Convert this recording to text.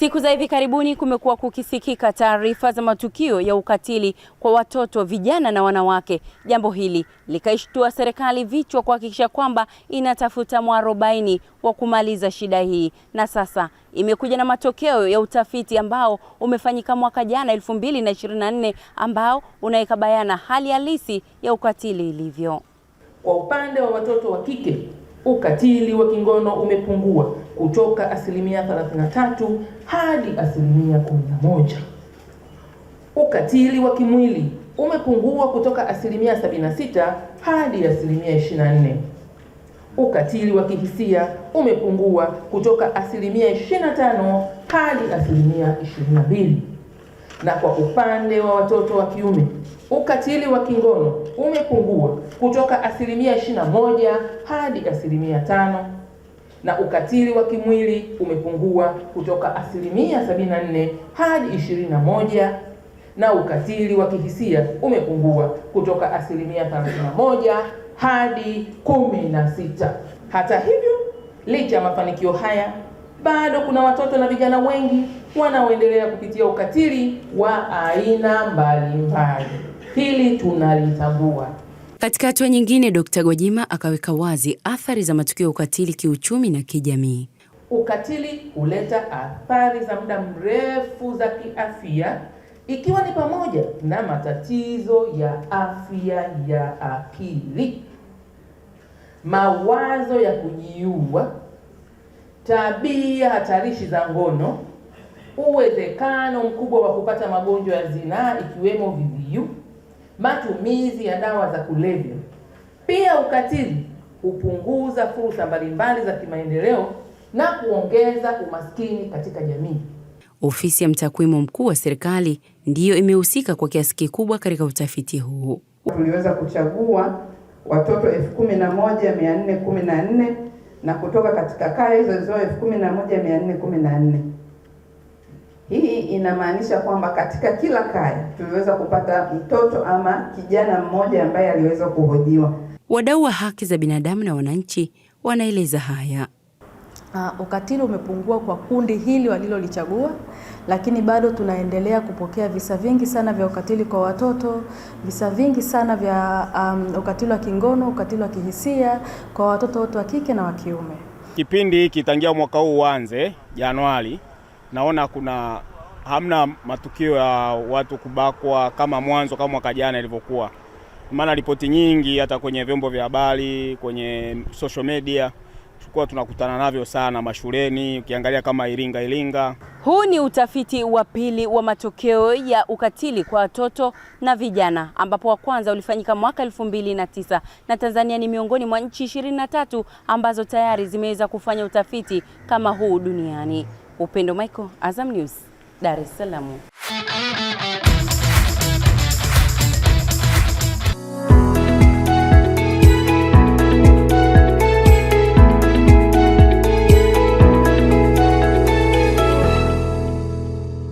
Siku za hivi karibuni kumekuwa kukisikika taarifa za matukio ya ukatili kwa watoto, vijana na wanawake. Jambo hili likaishtua serikali vichwa kuhakikisha kwamba inatafuta mwarobaini wa kumaliza shida hii, na sasa imekuja na matokeo ya utafiti ambao umefanyika mwaka jana 2024 ambao unaweka bayana hali halisi ya ukatili ilivyo. Kwa upande wa watoto wa kike ukatili wa kingono umepungua kutoka asilimia 33 hadi asilimia 11. Ukatili wa kimwili umepungua kutoka asilimia 76 hadi asilimia 24. Ukatili wa kihisia umepungua kutoka asilimia 25 hadi asilimia 22. Na kwa upande wa watoto wa kiume, ukatili wa kingono umepungua kutoka asilimia 21 hadi asilimia 5 na ukatili wa kimwili umepungua kutoka asilimia 74 hadi 21 na ukatili wa kihisia umepungua kutoka asilimia 31 hadi 16. Hata hivyo, licha ya mafanikio haya bado kuna watoto na vijana wengi wanaoendelea kupitia ukatili wa aina mbalimbali. Hili tunalitambua. Katika hatua nyingine, Dkt. Gwajima akaweka wazi athari za matukio ya ukatili kiuchumi na kijamii. Ukatili huleta athari za muda mrefu za kiafya ikiwa ni pamoja na matatizo ya afya ya akili, mawazo ya kujiua tabia hatarishi za ngono, uwezekano mkubwa wa kupata magonjwa ya zinaa ikiwemo VVU, matumizi ya dawa za kulevya. Pia ukatili hupunguza fursa mbalimbali za kimaendeleo na kuongeza umaskini katika jamii. Ofisi ya mtakwimu mkuu wa serikali ndiyo imehusika kwa kiasi kikubwa katika utafiti huu. Tuliweza kuchagua watoto 11414 na kutoka katika kaya hizo hizo elfu kumi na moja mia nne kumi na nne. Hii inamaanisha kwamba katika kila kaya tuliweza kupata mtoto ama kijana mmoja ambaye aliweza kuhojiwa. Wadau wa haki za binadamu na wananchi wanaeleza haya. Uh, ukatili umepungua kwa kundi hili walilolichagua, lakini bado tunaendelea kupokea visa vingi sana vya ukatili kwa watoto, visa vingi sana vya um, ukatili wa kingono, ukatili wa kihisia kwa watoto wote wa kike na wa kiume. Kipindi hiki tangia mwaka huu uanze Januari, naona kuna hamna matukio ya watu kubakwa kama mwanzo kama mwaka jana ilivyokuwa, maana ripoti nyingi hata kwenye vyombo vya habari, kwenye social media tulikuwa tunakutana navyo sana mashuleni, ukiangalia kama Iringa Iringa. Huu ni utafiti wa pili wa matokeo ya ukatili kwa watoto na vijana, ambapo wa kwanza ulifanyika mwaka elfu mbili na tisa na Tanzania ni miongoni mwa nchi ishirini na tatu ambazo tayari zimeweza kufanya utafiti kama huu duniani. Upendo Michael, Azam News, Dar es Salaam.